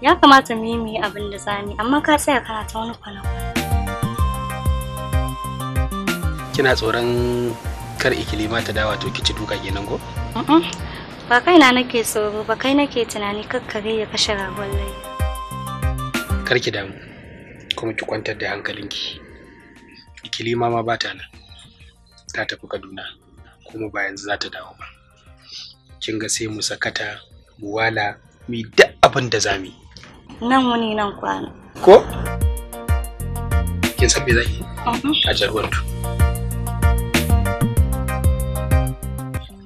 Ya kamata mu yi abin da amma ka tsaya kana ta wani kwana. Kina tsoron kar ikilima ta dawa to kici duka kenan ko? Ba kai na nake tsoro ba kai nake tunani kakkare ya kashe ragon lai. Kar ki damu kuma ki kwantar da hankalinki. Ikilima ma ba ta nan. Ta tafi Kaduna kuma ba yanzu za ta dawo ba. Kin ga sai mu sakata mu wala mi duk abin da za mu nan wani nan kwana ko kin san me zan yi mm-hmm. a jarwantu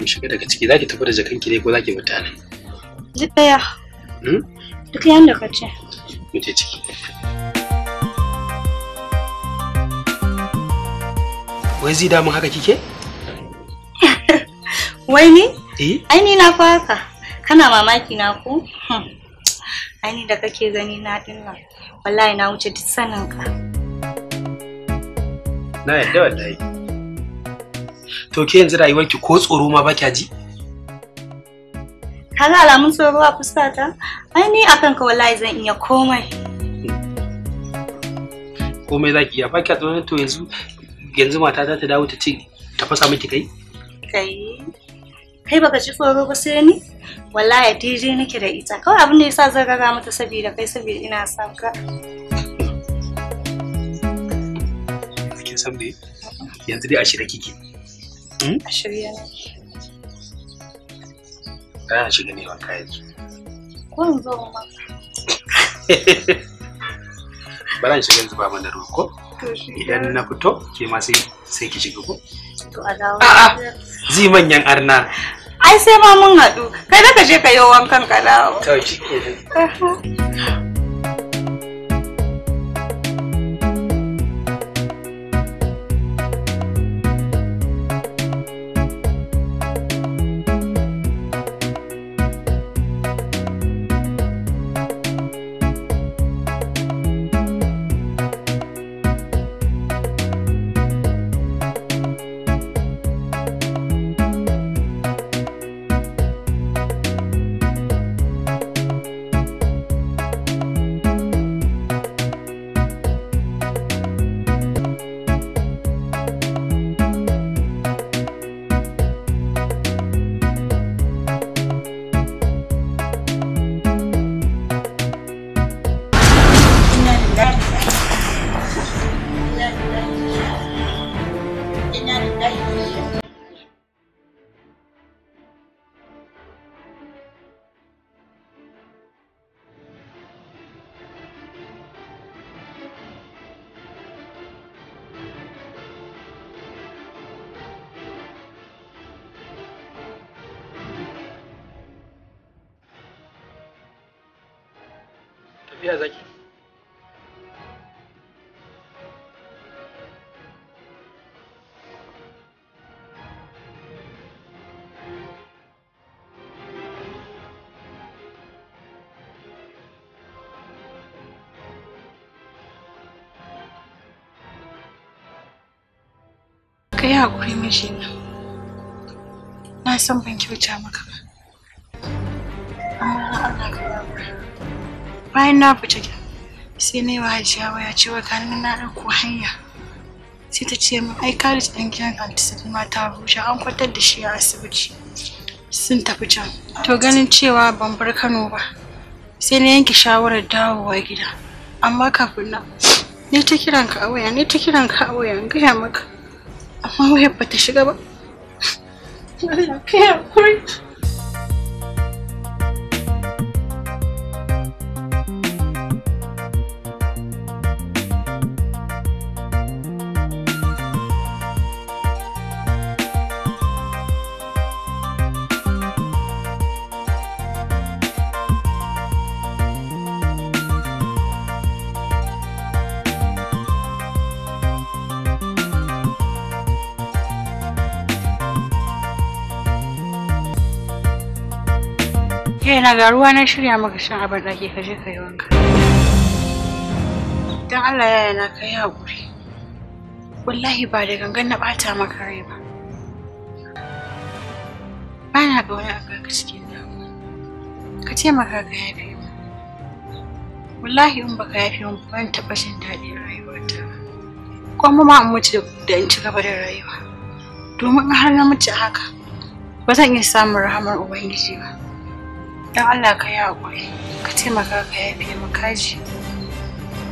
mu shiga daga ciki zaki tafi da jakanki ne ko zaki fita ne duk daya hmm? duk yanda ka ce mu je ciki wai zai mun haka kike wai ni eh. ai ni na faka kana mamaki na ku hmm. ani da kake gani na dinnan wallahi na wuce duk sanin ka na yadda wallahi to ke yanzu rayuwarki ko tsoro ma baki kya ji kaga alamun tsoro a fuskata ai ni akan ka wallahi zan iya komai komai zaki iya baki a tsoron to yanzu yanzu mata ta dawo ta ce ta fasa miki kai kai kai baka ci tsoro ba sai ni wallahi DJ nake da ita kawai abin da yasa zan raga mata saboda kai saboda ina son ka kin san me yanzu dai a shirye kike hmm? a shirye ne a shirye ne wanka yanzu ko in zo ma bara in shiga yanzu ba mun da ruwa ko idan na fito ke ma sai sai ki shiga ko to a dawo zi manyan arna ai sai ma mun haɗu kai da ka je ka yi wankan ka dawo to yi haƙuri mijina na san ban kyauta maka ba amma na Allah ka bayan na fita gida sai na yi wa hajiya waya cewa ganin na ɗauko hanya sai ta ce min ai kalis ɗin gidan antisabi ma ta rushe an kwantar da shi a asibiti sun tafi can to ganin cewa ban bar kano ba sai na yanke shawarar dawowa gida amma kafin na ne ta kiran ka a waya ne ta kiran ka a waya gaya maka amma wayar ba ta shiga ba Allah kai hakuri Kana ga ruwa na shirya maka shan abin ɗaki ka je ka yi wanka. Don Allah yaya na ka yi haƙuri. Wallahi ba da gangan na ɓata maka rai ba. Ba na ga wani aka ka cikin damuwa. Ka ce maka ka yafe mu. Wallahi in baka yafe mu ban taɓa jin daɗin rayuwata. Ko ma in mutu da in ci gaba da rayuwa. Domin har na mutu haka ba zan iya samun rahamar Ubangiji ba. don Allah ka yi haƙuri ka taimaka ka yafe makaji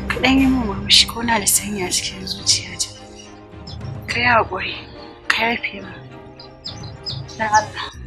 ka ɗan yi min murmushi ko na da sanya a cikin zuciya ka yi haƙuri ka yafe mu don Allah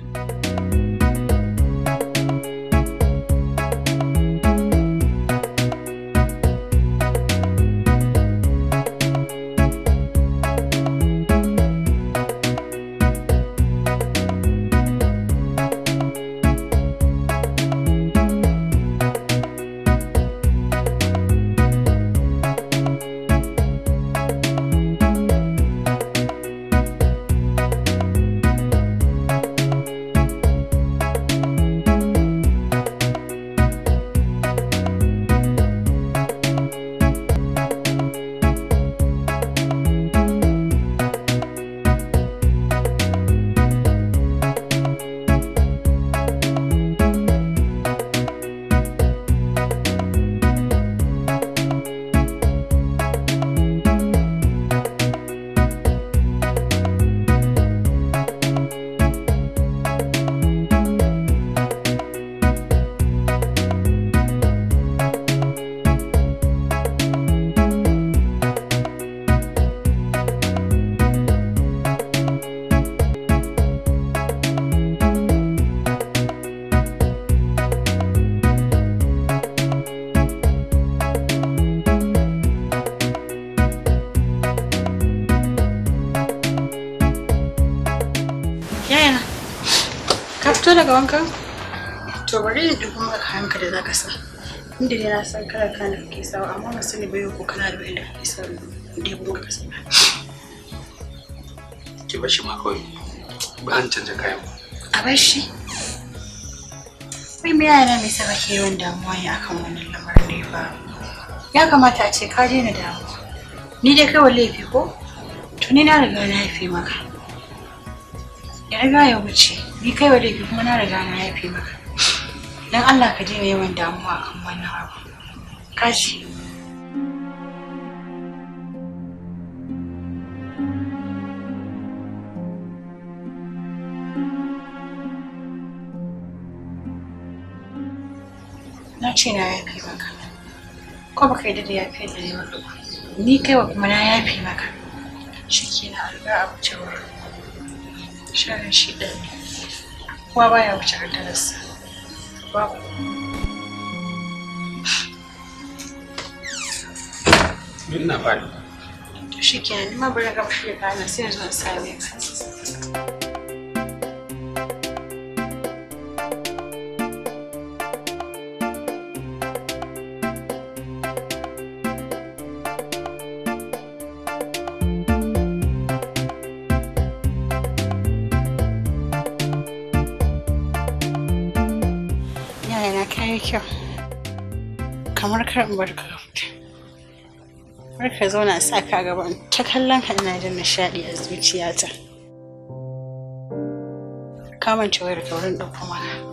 da za ka sa inda ne na san kara kana ke sawa amma ba sani bai ko kana da wanda ke sa da mu ka sa ki ba shi ma kawai ba an canja kayan ba a bar shi Wai me yana mai saba ke yawan damuwa ya akan wannan lamarin ne ya Ya kamata a ce ka je na damuwa. Ni dai kai laifi ko? To ni na riga na haife maka. Ya riga ya wuce, ni kai laifi kuma na riga na haife maka. don Allah ka daina yawan damuwa kan wannan abu kashi na ce na ya maka ko baka yi da ya fi da ya ni kai wa kuma na yafi maka shi ke na alga abu cewa shirin shi ɗaya kowa baya wuce a darasa. Fala. Menina, vai. Chiquinha, uma boneca para não sabem. matar barka barka zauna sa ka gaban ta kallon ka ina jin nishaɗi a zuciyata kamance wayar ka wurin ɗauko maka hmm.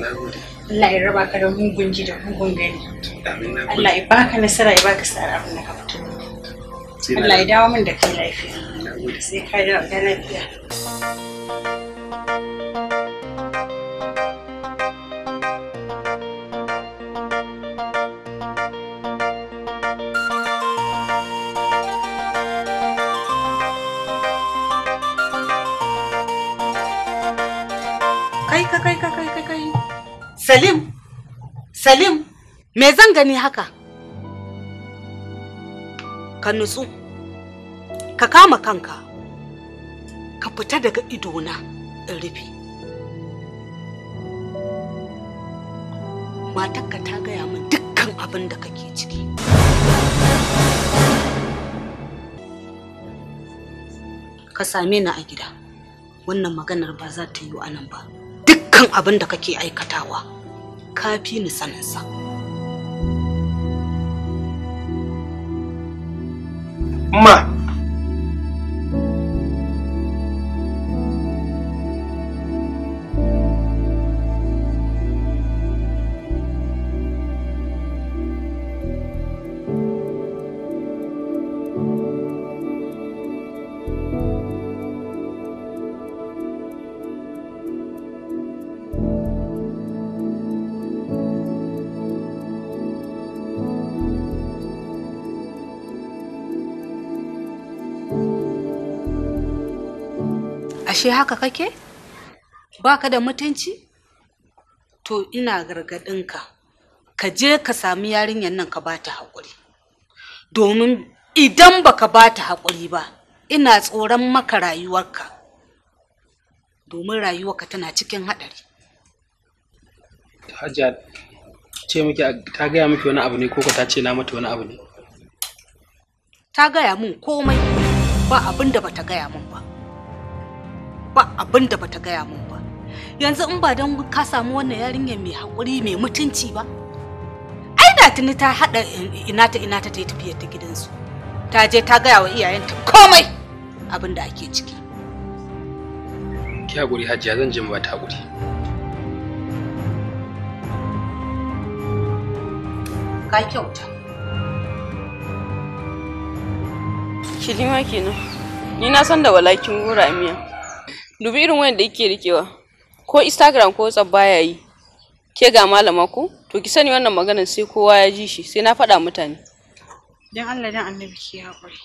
Na Allah ya raba ka da mugun ji da mugun gani. Allah ya baka nasara ya baka tsara abin da ka fito. Allah ya dawo min da kai lafiya. Sai ka dawo da lafiya. Salim, Salim, me zan gani haka? Ka nutsu, ka kama kanka, ka fita daga idona in rufe. Matarka ta gaya min dukkan abin da kake ciki. Ka same ni a gida, wannan maganar ba za ta yi a nan ba, dukkan abin da kake aikatawa. ka fi ni saninsa. Ma, yaushe haka kake baka da mutunci to ina gargadin ka je ka sami yarinyar nan ka ba ta haƙuri domin idan baka ba ta haƙuri ba ina tsoron maka rayuwarka domin rayuwarka tana cikin haɗari Hajiya ce miki ta gaya miki wani abu ne ko ta ce na mata wani abu ne ta gaya mun komai ba abin da bata gaya mun ba abin da bata gaya mun ba yanzu in ba don ka samu wannan yarinyar mai haƙuri mai mutunci ba ai da tuni ta haɗa ta ina ta yi tafiyar ta gidansu ta je ta gaya wa iyayenta komai abin da ake ciki ki haƙuri hajiya zan je ba ta haƙuri ka kyauta kilima kenan ni na san da walakin gora miya dubi irin wayan da yake rikewa ko instagram ko whatsapp baya yi ke ga malama ko to ki sani wannan maganar sai kowa ya ji shi sai na faɗa mutane dan Allah dan annabi ki haƙuri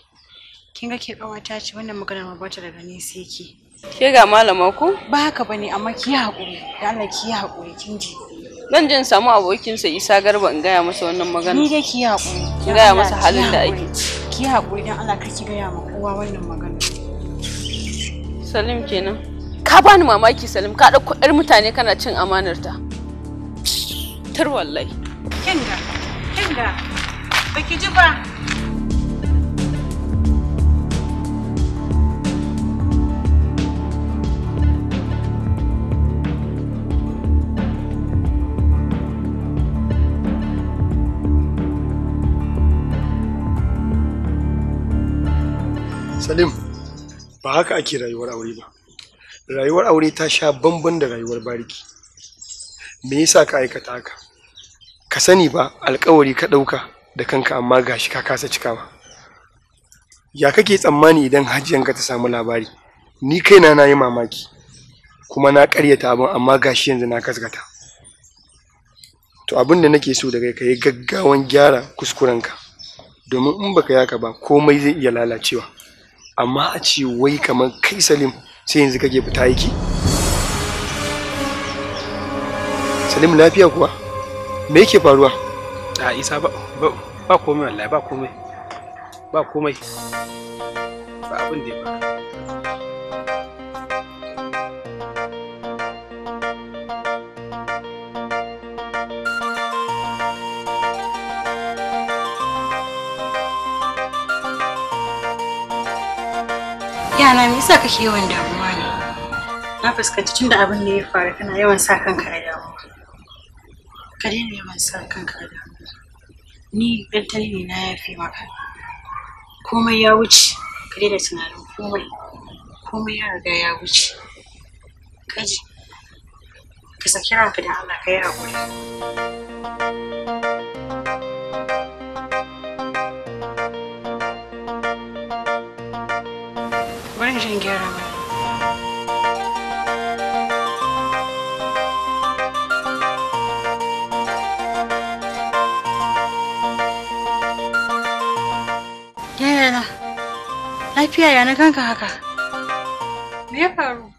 kin ga ke kawata ce wannan maganar ma bata daga ni sai ki ke ga malama ko ba haka bane amma ki haƙuri dan Allah ki haƙuri kin ji nan jin samu abokinsa isa garba in gaya masa wannan magana ni dai ki haƙuri in gaya masa halin da ake ki haƙuri dan Allah kar ki gaya ma kowa wannan magana Salim kenan. Ka bani mamaki Salim ka ɗauko ƴar mutane kana cin amanar ta. Tar wallahi. Kinga, kinga, baki ji ba. Salim. ba haka ake rayuwar aure ba rayuwar aure ta sha bamban da rayuwar bariki me yasa ka aikata haka ka sani ba alkawari ka ɗauka da kanka amma gashi ka kasa ba. ya kake tsammani idan hajiyanka ta samu labari ni kaina na yi mamaki kuma na karyata abin amma gashi yanzu na kasgata to abin da nake so daga kai gaggawan gyara kuskurenka domin in baka yaka ba komai zai iya lalacewa amma a ce wai kamar kai salim sai yanzu kake fita aiki salim lafiya kuwa me yake faruwa a isa ba ba komai wallahi ba komai ba komai ba abin da ya faru yana me yasa kake yawan damuwa ne na fuskanci tunda abin da ya faru kana yawan sa kanka a damuwa ka daina yawan sa kanka a damuwa ni dan talibi na yafe maka komai ya wuce ka daina tunanin komai komai ya riga ya wuce kaji ka saki ranka da Allah ka yi haƙuri in gyara mana. lafiya ya na kanka haka? Me ya faru?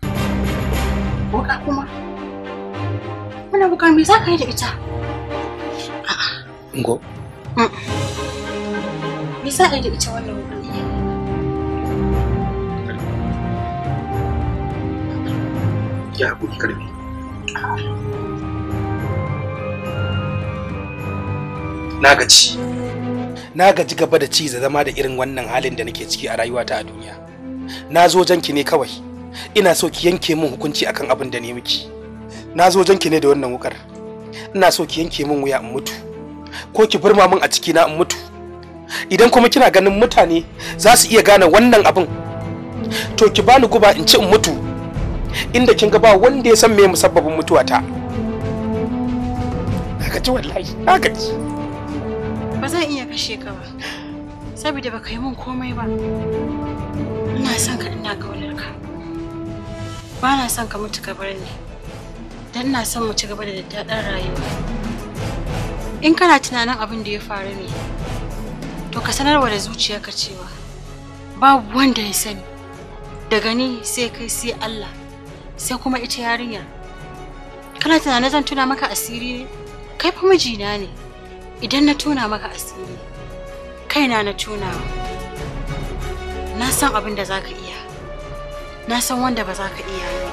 Boka kuma? Muna bukar me za ka yi da ita? Ngo. Mm. Me za ka yi da ita wannan wuri? ya haƙuri na gaci na gaji gaba da ci da zama da irin wannan halin da nake ciki a rayuwata a duniya na zo janki ne kawai ina so ki yanke min hukunci akan abin da ne miki na zo janki ne da wannan wukar ina so ki yanke min wuya in mutu ko ki burma min a ciki na in mutu idan kuma kina ganin mutane za su iya gane wannan abin to ki bani guba in ci in mutu inda kin ga ba wanda ya san me musabbabin mutuwata haka ji wallahi haka ji ba zan iya kashe ka ba saboda baka yi min komai ba ina son ka ina kaunar ka ba na son ka mutu ka bar ni dan na son mu ci gaba da daddadan rayuwa in kana tunanin abin da ya faru ne to ka sanarwa da zuciyarka cewa babu wanda ya sani daga ni sai kai sai Allah sai kuma ita yarinyar kana tunanin zan tuna maka asiri ne kai fa mijina ne idan na tuna maka asiri kaina na tuna. na san abin da zaka iya na san wanda ba za ka iya ba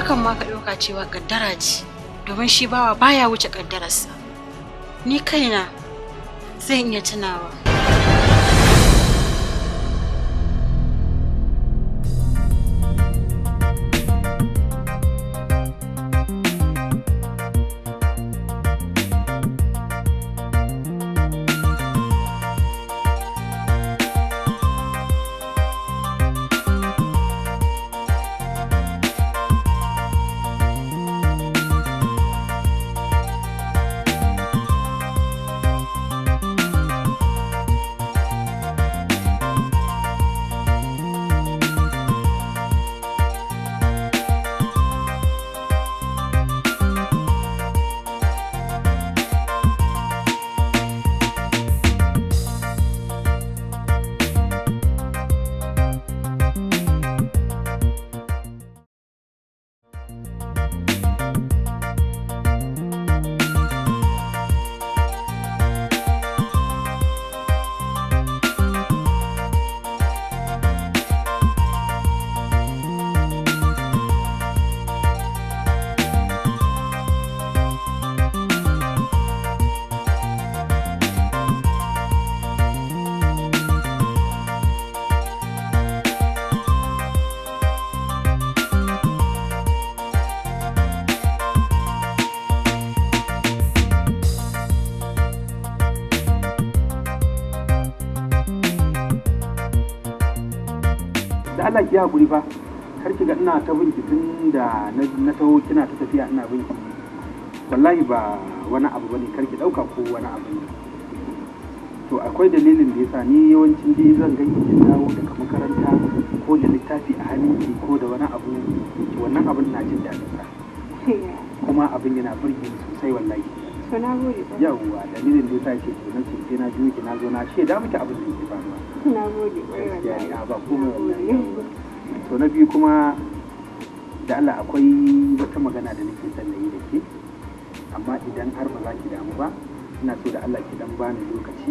hakan ma ka ɗauka cewa ƙaddara ce domin shi bawa baya wuce kaddararsa ni kaina zan iya tunawa ki guri ba kar ki ga ina ta binki tun da na taho kina ta tafiya ina binki wallahi ba wani abu bane kar ki dauka ko wani abu ne to akwai dalilin da yasa ni yawancin dai zan ga ki dawo daga makaranta ko da littafi a hannunki ko da wani abu wannan abin na jin daɗin sa kuma abin yana burge sosai wallahi to na gode ba yawwa dalilin da yasa ke na ce sai na juyo ki na zo na da muke abin da yake faruwa na gode ba ba komai wallahi to na biyu kuma da Allah akwai wata magana da nake son na yi da ke amma idan har ba za ki damu ba ina so da Allah ki dan bani lokaci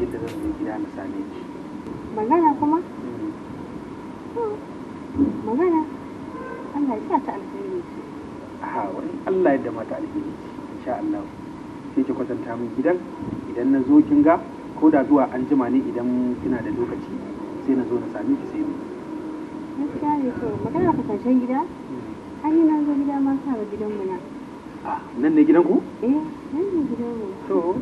yadda zan yi gida na same ki magana kuma mm. magana Allah ya ta alheri a wani Allah ya dama ta alheri insha Allah sai ki kwatanta min gidan idan na zo kin ga ko da zuwa an jima ne idan kina da lokaci sai na zo na same ki sai ni gaskiya ne to magana fasashen gida har yi na zo gida ma sa gidan mu na nan ne gidan ku eh nan ne gidan mu to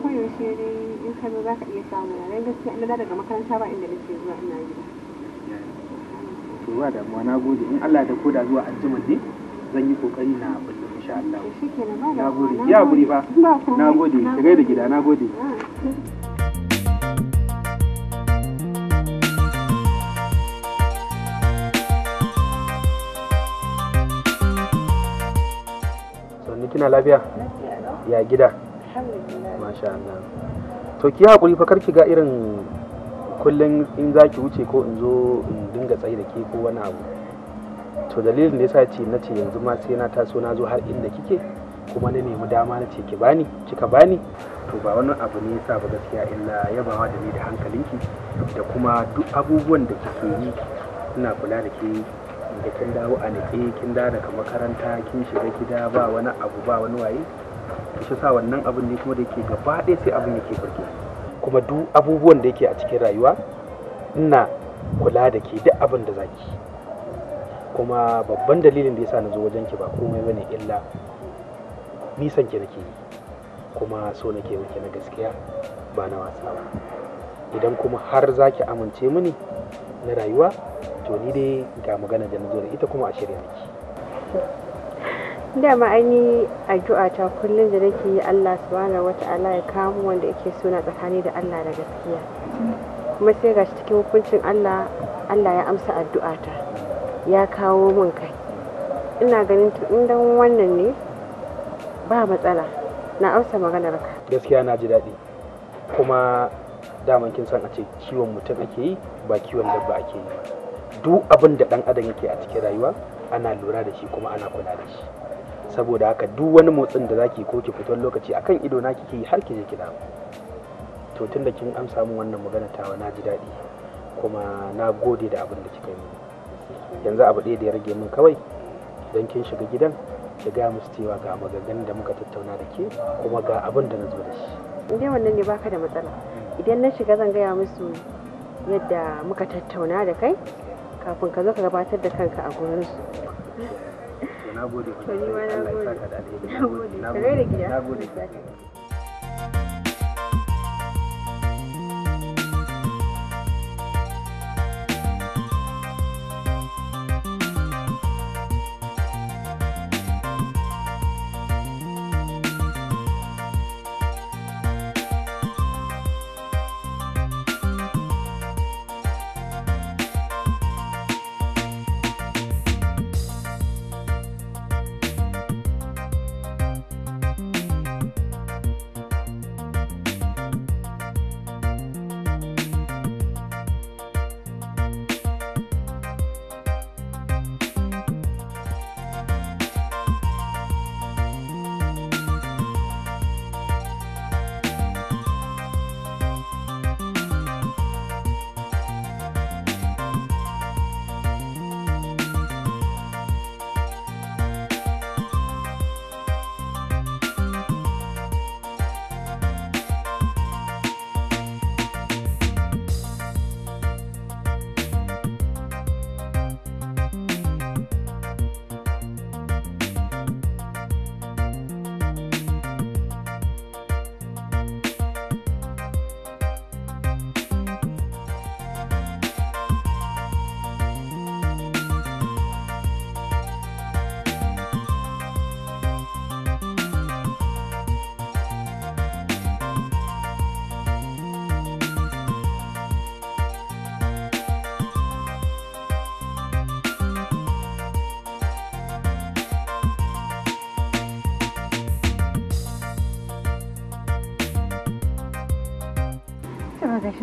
koyaushe dai in ka zo za ka iya samu na dan gaskiya ina daga makaranta ba inda nake zuwa ina gida to ba damuwa na gode in Allah da koda zuwa anjima ne zan yi kokari na bullo insha Allah na gode ya guri ba na gode shiga da gida na gode kina lafiya ya gida masha Allah to ki hakuri fa karki ga irin kullun in zaki wuce ko in zo in dinga tsayi da ke ko wani abu to dalilin da yasa ce na ce yanzu ma sai na taso na zo har inda kike kuma na nemi dama na ce ki bani kika bani to ba wani abu ne yasa ba gaskiya illa yabawa da ni da hankalinki da kuma duk abubuwan da kike yi ina kula da ke da kin dawo a nake kin dawo daga makaranta kin shiga gida ba wani abu ba wani waye shi sa wannan abin ne kuma da yake gaba ɗaya sai abin yake burge kuma duk abubuwan da yake a cikin rayuwa ina kula da ke duk abin da zaki kuma babban dalilin da yasa na zo wajen ki ba komai bane illa nisan ki nake yi kuma so nake miki na gaskiya ba na wasa ba idan kuma har zaki amince mini na rayuwa to ni dai ga magana da nazo da ita kuma a shirya nake dama ainihin addu'a ta kullum da nake yi Allah subhanahu wata'ala ya kamo wanda yake suna tsakani da Allah da gaskiya kuma sai gashi cikin hukuncin Allah Allah ya amsa addu'a ta ya kawo mun kai ina ganin to in dan wannan ne ba matsala na amsa maganar ka gaskiya na ji daɗi kuma daman kin san a ce kiwon mutum ake yi ba kiwon dabba ake yi ba duk abin da ɗan adam yake a cikin rayuwa ana lura da shi kuma ana kula da shi saboda haka duk wani motsin da zaki ko ki fito lokaci akan ido na kike yi har ki je ki to tun kin amsa samu wannan magana tawa na ji daɗi kuma na gode da abin da kika yi yanzu abu ɗaya da ya rage min kawai idan kin shiga gidan ki gaya musu cewa ga maganganun da muka tattauna da ke kuma ga abin da na zo da shi idan wannan ne baka da matsala idan na shiga zan gaya musu yadda muka tattauna da kai kafin ka zo ka gabatar da kanka a gurin su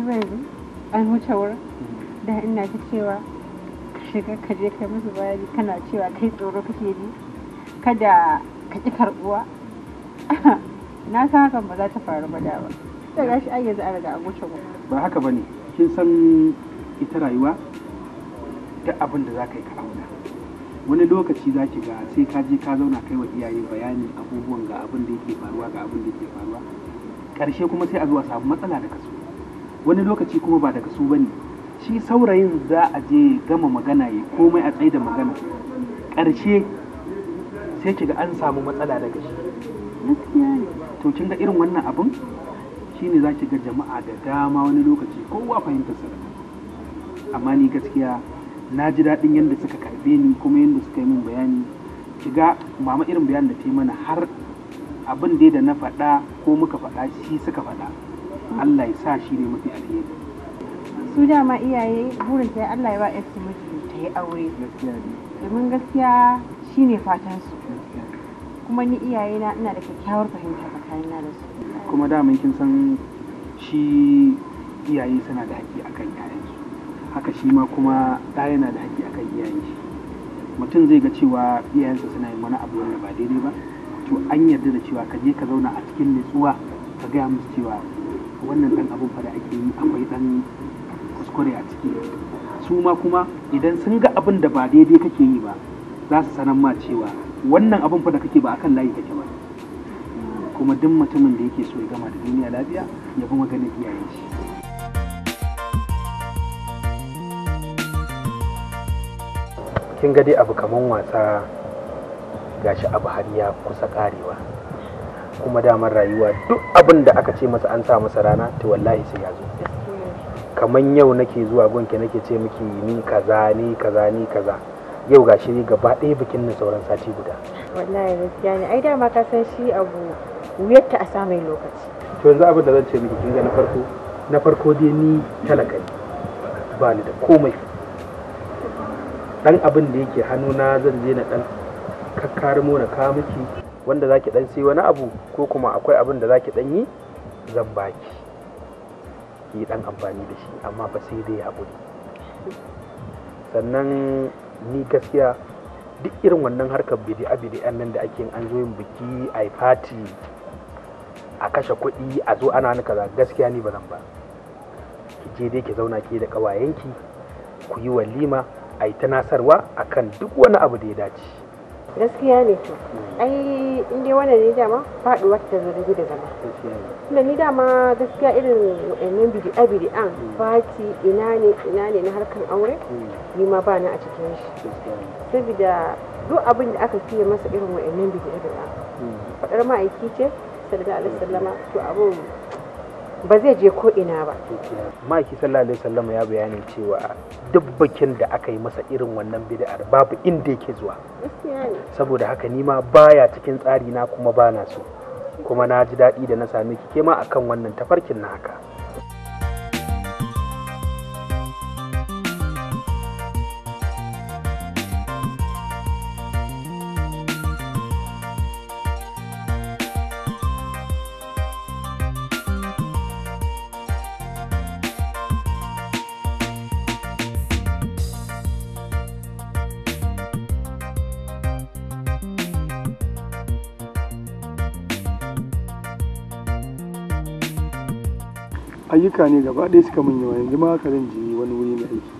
kuma an wuce mm-hmm. da ina ta cewa shiga ka je kai musu bayani kana cewa kai tsoro kake ji kada ka ƙi karɓuwa na san hakan ba za ta faru ba da ba ta gashi ai yanzu an riga an wuce wurin ba haka bane kin san ita rayuwa duk abin da za ka yi ka auna wani lokaci za ki ga sai ka je ka zauna kai wa iyaye bayani abubuwan ga abin da yake faruwa ga abin da yake faruwa ƙarshe kuma sai a zuwa samu matsala da kaso wani lokaci kuma ba daga su ba ne shi saurayin za a je gama magana ya komai a tsaye da magana ƙarshe sai kiga an samu matsala daga shi to kin ga irin wannan abin shine za ki ga jama'a da dama wani lokaci kowa fahimta sa amma ni gaskiya na ji daɗin yadda suka karbe ni kuma yadda suka yi min bayani kiga mama irin bayanin da ta yi mana har abin da na faɗa ko muka faɗa shi suka faɗa Allah ya sa shi ne mafi alheri su dama iyaye burin ta Allah ya ba ya su miji ta yi aure domin gaskiya shi ne fatan su kuma ni iyaye na ina da kyakkyawar fahimta tsakanin na da su kuma mun kin san shi iyaye suna da haƙƙi akan yayansu haka shi ma kuma ɗa yana da haƙƙi akan iyayen shi mutum zai ga cewa iyayensa suna yin wani abu wanda ba daidai ba to an yarda da cewa ka je ka zauna a cikin nutsuwa ka gaya musu cewa wannan ɗan abun fa ake yi akwai ɗan kuskure a ciki su ma kuma idan sun ga abin da ba daidai kake yi ba za su sanar ma cewa wannan abin fa da kake ba akan layi kake ba kuma duk mutumin da yake so ya gama da duniya lafiya ya fi maganin iyayen shi kin ga dai abu kaman wasa gashi abu har ya kusa karewa kuma damar rayuwa duk abin da aka ce masa an sa masa rana to wallahi sai ya zo kamar yau nake zuwa gonke nake ce miki ni kaza ni kaza ni kaza yau ga shi gaba ɗaya bikin nan sauran sati guda wallahi gaskiya ne ai dama ka san shi abu wuyar ta a samun lokaci to yanzu abin da zan ce miki kinga na farko na farko dai ni talaka ne ba ni da komai dan abin da yake hannuna zan je na dan kakkarmo na kawo miki wanda za ki dan sai wani abu ko kuma akwai abin da za ki dan yi zan baki ki dan amfani da shi amma ba sai dai haƙuri sannan ni gaskiya duk irin wannan harkar bidi'a bidi'an nan da ake an zo yin biki a fati a kashe kuɗi a zo ana ni kaza gaskiya ni ba zan ba ki je dai ki zauna ke da ƙawayenki ku yi walima a yi ta nasarwa akan duk wani abu da ya dace gaskiya ne to ai in dai wannan ne dama faɗi wata da gida tunda ni dama gaskiya irin wa'annan bidi an fati ina ne ina ne na harkar aure ni ma ba na a cikin shi saboda duk abin da aka fiye masa irin wa'annan bidi an, faɗar ma'aiki ce sallallahu alaihi wasallama to abin ba zai je ko ina ba maki sallallahu alaihi wasallam ya bayyana cewa duk bakin da aka yi masa irin wannan bid'ar babu inda yake zuwa saboda haka ni ma baya cikin tsari na kuma bana so kuma na ji daɗi da na sami ki ke ma akan wannan tafarkin na haka ayyuka ne gaba ɗaya suka mun yawa yanzu ma haka zan je wani wuri na aiki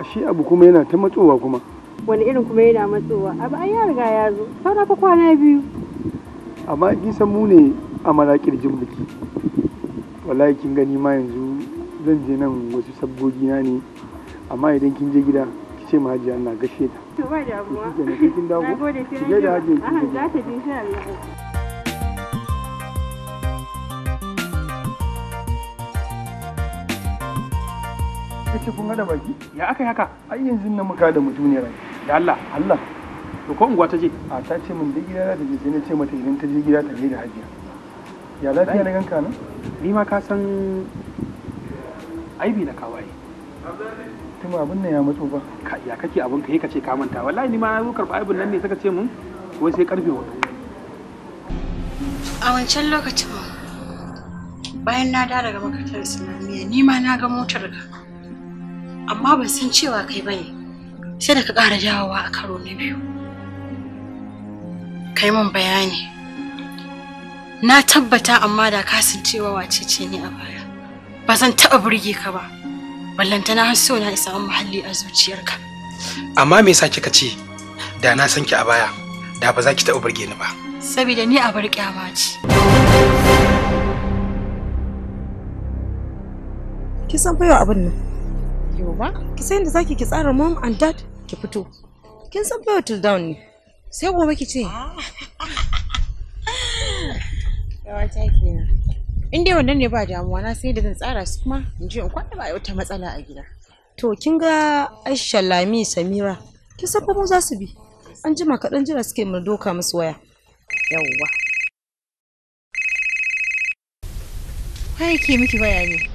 ashe abu kuma yana ta matsowa kuma wani irin kuma yana matsowa abu an ya riga ya zo sauna fa kwana biyu amma kin san mu ne a maraƙir jin biki wallahi kin gani ma yanzu zan je nan wasu sabbogi na ne amma idan kin je gida ki ce ma na gashe ta to ba da abuwa kin dawo ki gode ki za ta je insha Allah ce kun haɗa baki ya aka haka ai yanzu nan muka da mutum ne rai da Allah Allah to ko unguwa ta je a ta ce min duk gida ta je sai na ce mata idan ta je gida ta je da hajiya ya lafiya na ganka nan ni ma ka san aibi na kawai tuma abin nan ya matso ba ya kake abin ka ka ce ka manta wallahi ni ma na karɓa aibin nan ne suka ce min wai sai karfe hudu a wancan lokacin bayan na dawo daga makarantar islamiyya ni ma na ga motar ka amma ban san cewa kai bane sai da ka ƙara dawowa a karo na biyu kai min bayani na tabbata amma da ka san cewa wace ce ni a baya ba zan taɓa burge ka ba ballantana na so na isa muhalli a zuciyarka amma me yasa kika ce da na san ki a baya da ba za ki taɓa burge ni ba saboda ni a bar kyama ce ki san fa yau abin nan Yau ba ki san yadda zaki ki tsara mom and dad ki fito kin san bayo till down ne sai gobe ki ce yawa ta kenan in dai wannan ne ba damuwa na sai da zan tsara su kuma in je in kwada ba wata matsala a gida to kin ga Aisha Lami Samira kin san kuma mu za su bi an jima kaɗan jira suke mu doka musu waya yawwa kai ke miki bayani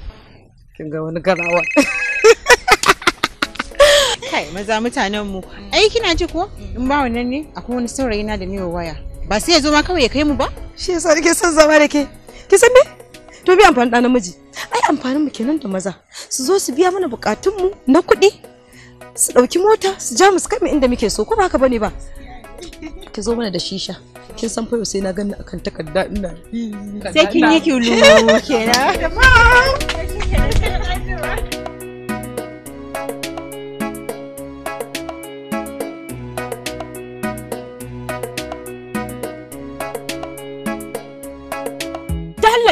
kin ga wani garawa. kai maza mutanen mu ai kina ji ko mm. in ba wannan ne akwai wani saurayi na da miyo waya ba sai ya zo ma kawai ya kai mu ba shi yasa nake son zama da ke ki san me to bi amfani da namiji ai amfanin mu kenan da maza su zo su biya mana bukatun mu na kuɗi su ɗauki mota su ja mu su kai mu inda muke so ko ba haka bane ba ki zo mana da shisha kin san fayo sai na ganna akan takarda ina sai kin yi kilu kenan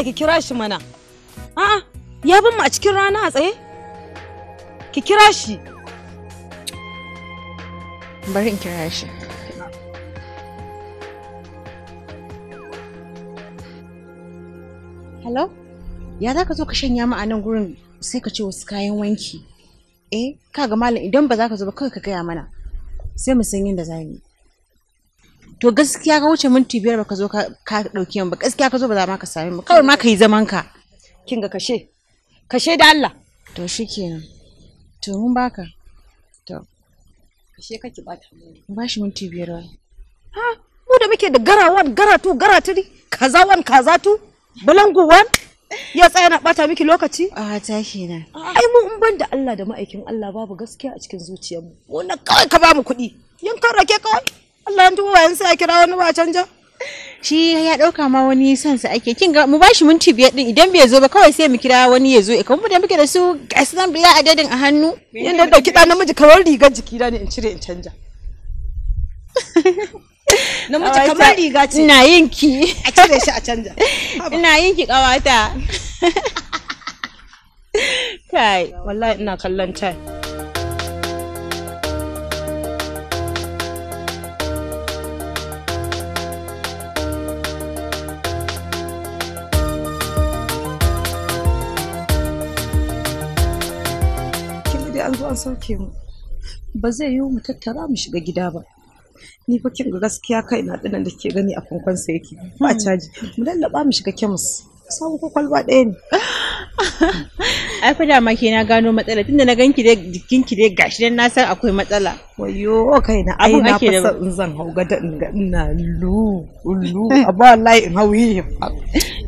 ki kira shi mana a'a ya bin mu a cikin rana a tsaye ki kira shi bari in kira shi hello ya za ka zo ka shanya mu a nan gurin sai ka ce wasu kayan wanki eh kaga malam idan ba za ka zo ba kawai ka gaya mana sai mu san yadda za mu yi to gaskiya ka wuce minti biyar baka zo ka dauke ba gaskiya ka zo ba za ma ka same mu kawai ma ka yi zaman ka kin ga kashe kashe da Allah to shikenan to mun baka to kashe kake bata ba shi minti biyar wa? ha mu da muke da garawan garatu garatiri tu kazatu wan ya tsaya na bata miki lokaci? A ta kenan. Ai mu in ban da Allah da ma'aikin Allah babu gaskiya a cikin zuciyarmu. na kawai ka ba mu kuɗi. Yankan rake kawai. Allah an tuba sai a kira wani ba canja shi ya dauka ma wani son sa ake kin ga mu bashi minti biyar din idan bai zo ba kawai sai mu kira wani ya zo e kuma da muke da su gasan biya adadin a hannu yanda da kiɗa namiji kamar rigar jiki da ne in cire in canja namiji kamar riga ce ina yinki. a cire shi a canja ina yin ki kawata kai wallahi ina kallon tai an zo an sauke mu ba zai yiwu mu tattara mu shiga gida ba ni fa kin ga gaskiya kai na dinan da ke gani a sa yake ba hmm. caji mu lallaba mu shiga kemis samu kwalba ɗaya ne ai fa da ma ke na gano matsala tunda na ganki dai ki dai gashi dan na san akwai matsala wayo kai na ai na fa san in zan hau gada in ga ina lu lu amma wallahi in hau yi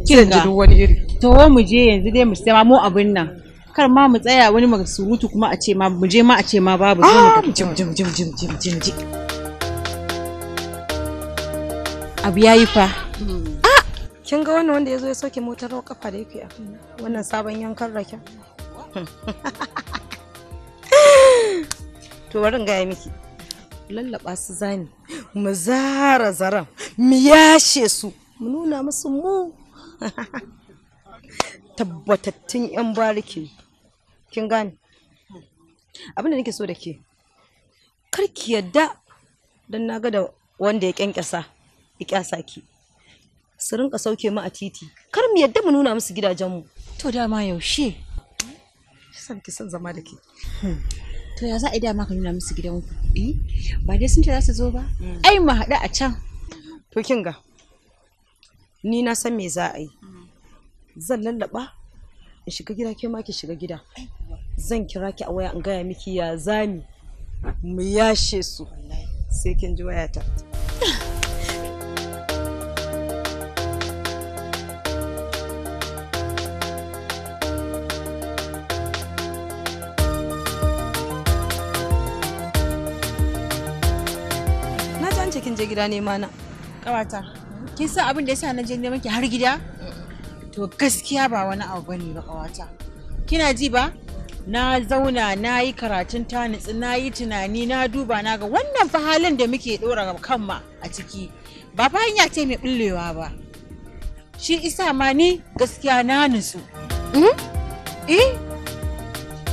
kin ji wani iri to mu je yanzu dai mu sai mu abin nan kar ma mu tsaya wani maga surutu kuma a ce ma mu je ma a ce ma babu ah, zo mu jim jim jim jim jim jim jim abu yayi fa hmm. a ah! kin ga wannan wanda yazo ya soke motar kafa da yake a wannan sabon yankan raken to bari gaya miki lallaba su zani mu zara zaran mu yashe su mu nuna musu mu tabbatattun 'yan bariki kin gane abin da nake so da ke kar ki yadda dan na ga da wanda ya kyankyasa ya kyasa ki su rinka sauke mu a titi kar mu yadda mu nuna musu gidajenmu to dama yaushe san ki san zama da ke to ya za a yi dama ka nuna musu gidan gidanku eh, ba dai sun ce za su zo ba mm. ai mu haɗu a can to kin ga ni na san me za a yi mm. zan lallaba in shiga gida ke ma ki shiga gida zan kira ki a waya in gaya miki ya zani mu yashe su sai kin ji wayata na ta kin je gida ne na kawata kin san abin da yasa na je neman ki har gida to gaskiya ba wani abu bane ba kawata kina ji ba na zauna na yi karatun tanitsi na yi tunani na duba na ga wannan fa da muke ɗora kanma a ciki ba fa hanya ce mai bullewa ba shi isa ma ni gaskiya na nutsu hmm? eh?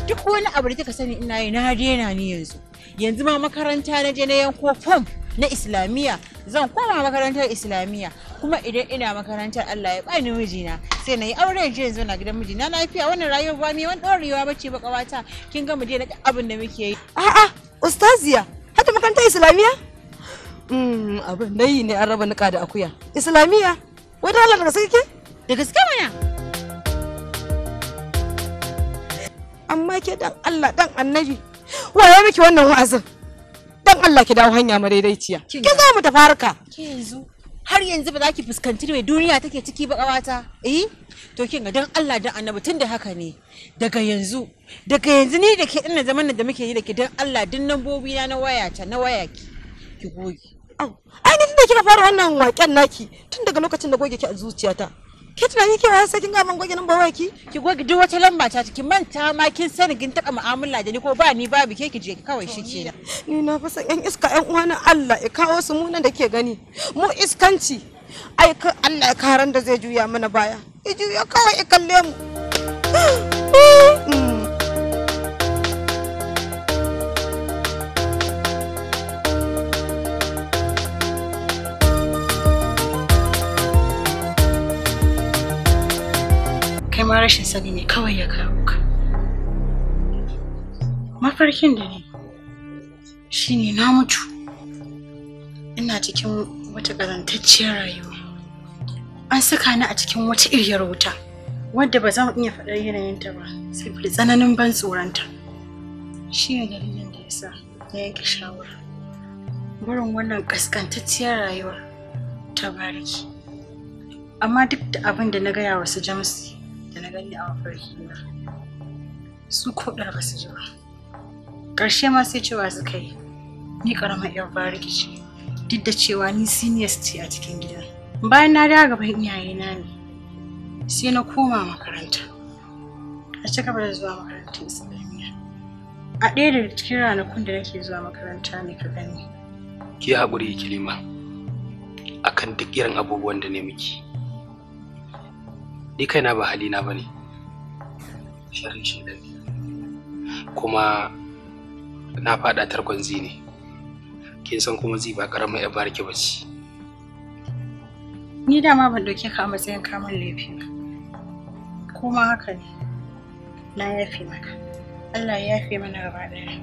duk wani abu da kika sani ina yi na daina ni yanzu yanzu ma makaranta na je na yanko fom na islamiyya zan koma makarantar islamiyya kuma idan ina makarantar Allah ya bani mijina sai na yi aure je yanzu na gidan mijina Na lafiya wannan rayuwar ba me wani dorewa bace ba kawata kin ga mu je na abin da muke yi a'a ustaziya hata makarantar islamiyya mm abin yi ne an raba nika da akuya islamiyya wai da Allah da gaske ke da gaske mana amma ke dan Allah dan annabi ya miki wannan wa'azin dan Allah ki dawo hanya madaidaiciya ki za mu tafarka. yanzu har yanzu ba za ki fuskanci mai duniya take ciki ba kawata eh to kin ga dan Allah dan annabi tun da haka ne daga yanzu daga yanzu ni da ke ina zaman da muke yi da ke dan Allah din nambobi na na waya ta na waya ki ki goge ai ni tun da kika fara wannan waken naki tun daga lokacin da goge ki a zuciyata ki tunani ke wasa kin ga man goge nan bawaki ki goge duk wata lamba ta ki manta ma kin sani kin taba mu'amala da ni ko ba ni babu ke ki je kawai shi ke ni na fasa yan iska yan uwana Allah ya kawo su mu nan da ke gani mu iskanci ai Allah ya karan da zai juya mana baya ya juya kawai ya kalle mu ah! ma rashin sani ne kawai ya kawo ka mafarkin da ne ne na mutu ina cikin wata karantacciyar rayuwa an saka ni a cikin wata iriyar wuta wadda ba zan iya faɗar yanayinta ba fi tsananin ban tsoronta shi ne dalilin da yasa na yanke shawara gurin wannan ƙasƙantacciyar rayuwa ta bariki amma duk da abin da na gaya wasu, jamus da na gani a mafarki na su kodar ba su ji ba ƙarshe ma sai cewa suka yi ni ƙaramin yar bariki ce duk da cewa ni siniyas ce a cikin gidan bayan na dawo gaban iyaye na ne sai na koma makaranta a ci da zuwa makarantar islamiyya a ɗaya daga cikin ranakun da nake zuwa makaranta ne ka gani ki haƙuri kilima akan duk irin abubuwan da ne miki ni kaina ba halina ba ne da ni. kuma na faɗa tarkon zi ne kin san kuma zi ba ƙaramin ya barke ba ce ni dama ban ɗauke ka a matsayin kamun laifi kuma haka ne na yafe maka Allah ya yafe mana gaba ɗaya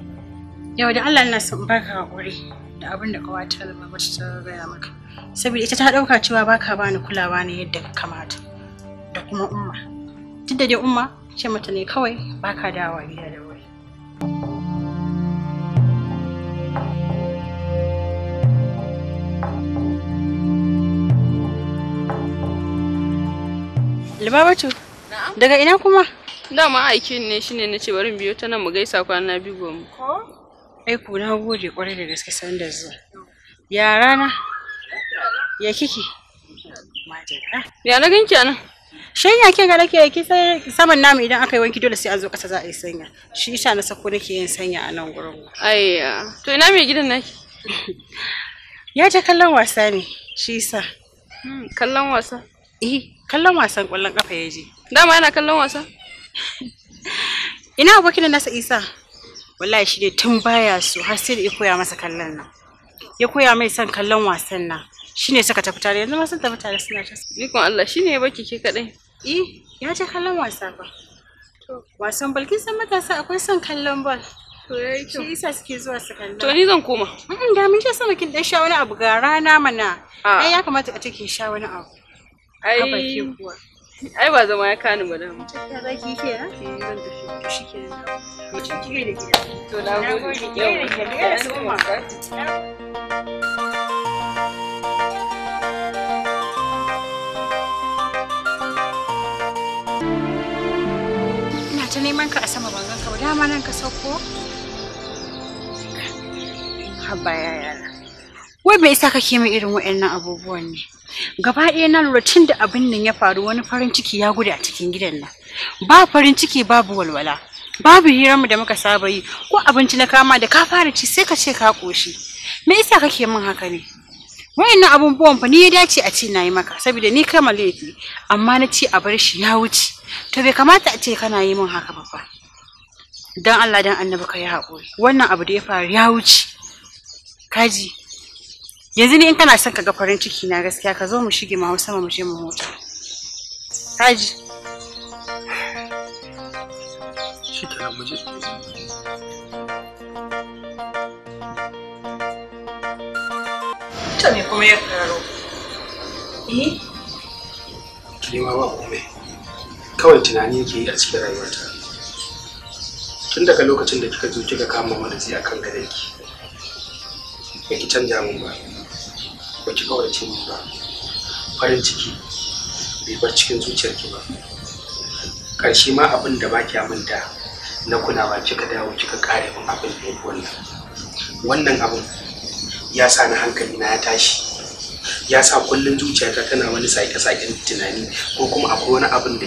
yau da Allah na son baka hakuri da abin da kawata da babata ta gaya maka saboda ita ta ɗauka cewa baka bani kulawa ne yadda kamata da kuma umma tunda dai umma ce mata ne kawai baka dawowa gida da wuri Libabatu, daga ina kuma? Dama aikin ne shine na ce bari biyo ta nan mu gaisa kwana biyu mu. Ko? Ai ku na gode kwarai da gaske san da zuwa. Ya rana? Ya kike? Ya na ganki anan? shanya ke ga nake ki sai saman namu idan aka yi wanki dole sai a zo kasa za a yi sanya shi isa na sako nake yin sanya a nan gurin ayya to ina mai gidan naki ya je kallon wasa ne shi isa hmm, kallon wasa eh kallon wasan kwallon kafa ya je dama yana kallon wasa ina abokin nasa isa wallahi shi ne tun baya so har sai da ya koya masa kallon nan ya koya mai son kallon wasan nan shine suka tafi tare yanzu ma sun tafi tare suna ta ikon Allah shine ya baki ke kadai eh ya je kallon wasa ba wasan bal san matasa akwai son kallon bal to yayi kyau shi isa suke zuwa su kallon to ni zan koma mm da mun je sama kin dan sha wani abu ga rana mana ai ya kamata a take sha wani abu ai ai ba zama ya kani ba dan ta zaki ke ha ki eh, zan tafi to shikenan to to na gode ki neman ka a sama ban ganka ba dama nan ka sauko haba yayana wai bai isa kake min irin waɗannan abubuwan ne gaba ɗaya na lura tun da abin nan ya faru wani farin ciki ya gudu a cikin gidan nan ba farin ciki babu walwala babu hiranmu da muka saba yi ko abinci na kama da ka fara ci sai ka ce ka ƙoshi me yasa kake min haka ne wayannan abubuwan fa ni ya dace a ce na yi maka saboda ni kama laifi amma na ce a bar shi ya wuce to bai kamata a ce kana yi min haka ba dan Allah dan annabi ka yi haƙuri wannan abu da ya faru ya wuce kaji yanzu ne in kana son ka ga farin ciki na gaskiya ka zo mu shige ma sama mu je mu huta kaji shi mu je to me ba komai kawai tunani yake yi a cikin rayuwarta. tun daga lokacin da kika zo kika kama madadi a kan gadonki ba ki canja min ba ba ki kawai min ba farin ciki bai bar cikin zuciyarki ba Karshe ma abin da ba kya aminta na kulawa kika dawo kika kare min abin da ya wannan wannan abin ya sa na hankali na ya tashi ya sa kullum zuciyata tana wani sake-saken tunani ko kuma akwai wani abin da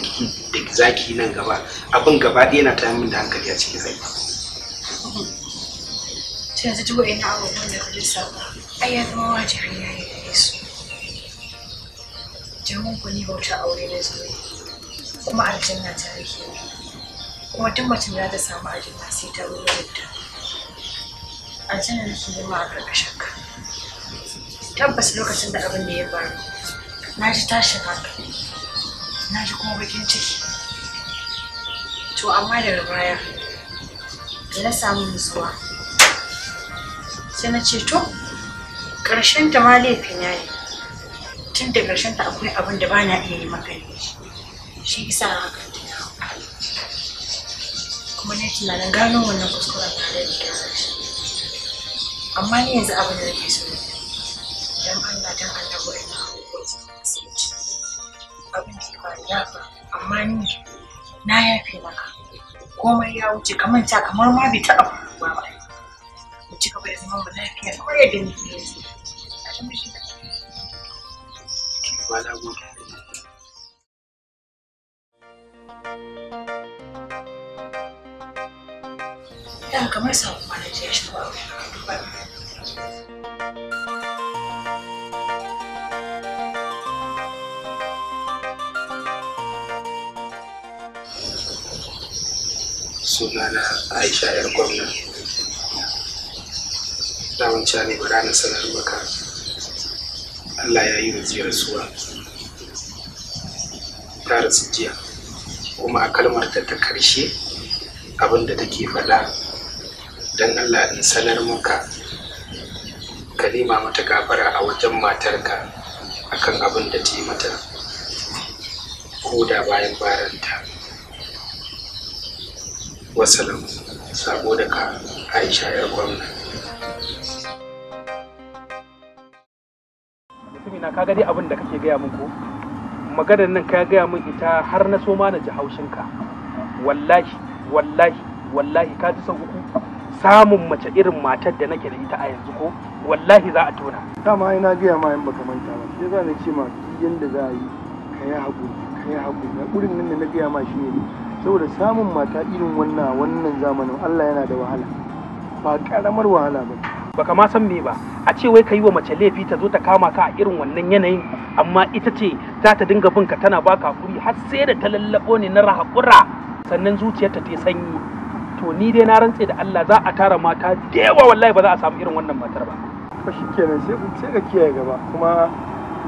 da zaki nan gaba abin gaba ɗaya na ta min da hankali a cikin ba. ta yanzu duk wani abubuwan da kaji saba ai ya zama wajibi ya yi da su jamun ku ni bauta aure da zuwa kuma aljanna ta rike kuma duk mutum ya ta samu aljanna sai ta rubuta aljanna nake nema a ƙarƙashin tabbas lokacin da abin da ya faru na ji tashin hankali na ji kuma bakin ciki to amma daga baya da na samu nutsuwa sai na ce to ƙarshen ta ma laifin ya yi tun da ƙarshen ta akwai abin da ba na iya yi maka shi isa haka kuma ne tunanin gano wannan kuskuren tare da gyara shi amma ni yanzu abin da nake so fatan Allah wa ina abin ba amma ni na yafe maka komai ya wuce kamar manta kamar ma bai taɓa faruwa ba mu ci gaba da zaman mu lafiya kawai yadda ke yanzu a mishi da kamar sabon manajan shi ba sunana aisha yar gwamna na wancan ne ba ranar sanar maka allah ya yi rajiyar suwa ta rasu jiya kuma a kalmar ta ta karshe abinda take faɗa don allah in sanar maka ka nema mata gafara a wajen matarka akan abin da ta yi mata ko da bayan baranta. wasalam sabo da ka aisha yar gwamna mutumina ka gadi abin da kake gaya min ko maganar nan ka gaya min ita har na so ma na ji haushinka wallahi wallahi wallahi ka ji sau uku samun mace irin matar da nake da ita a yanzu ko wallahi za a tona dama ina gaya ma in baka manta ba sai za ni ce ma yanda za a yi ka yi haƙuri ka yi haƙuri haƙurin nan da na gaya ma shi ne saboda samun mata irin wannan wannan zamanin Allah yana da wahala ba karamar wahala ba baka ma san me ba a ce wai ka yi wa mace laifi ta zo ta kama ka a irin wannan yanayin amma ita ce za ta dinga bin ka tana baka hakuri har sai da ta lallabo ne na rahakura sannan zuciyarta ta sanyi to ni dai na rantse da Allah za a tara mata da yawa wallahi ba za a samu irin wannan matar ba ba shikenan sai ka kiyaye gaba kuma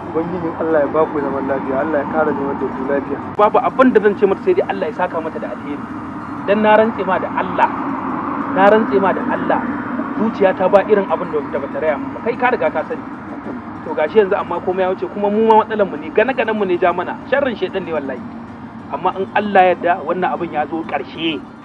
ubangijin Allah ya baku zaman lafiya Allah ya kare ni da ku lafiya babu abin da zan ce mata sai dai Allah ya saka mata da alheri dan na rantse ma da Allah na rantse ma da Allah zuciya ta ba irin abin da bata raya ba kai ka riga ka sani to gashi yanzu amma komai ya wuce kuma mu ma matsalar mu ne gane ganan mu ne ja mana sharrin shedan ne wallahi amma in Allah ya yarda wannan abin ya zo ƙarshe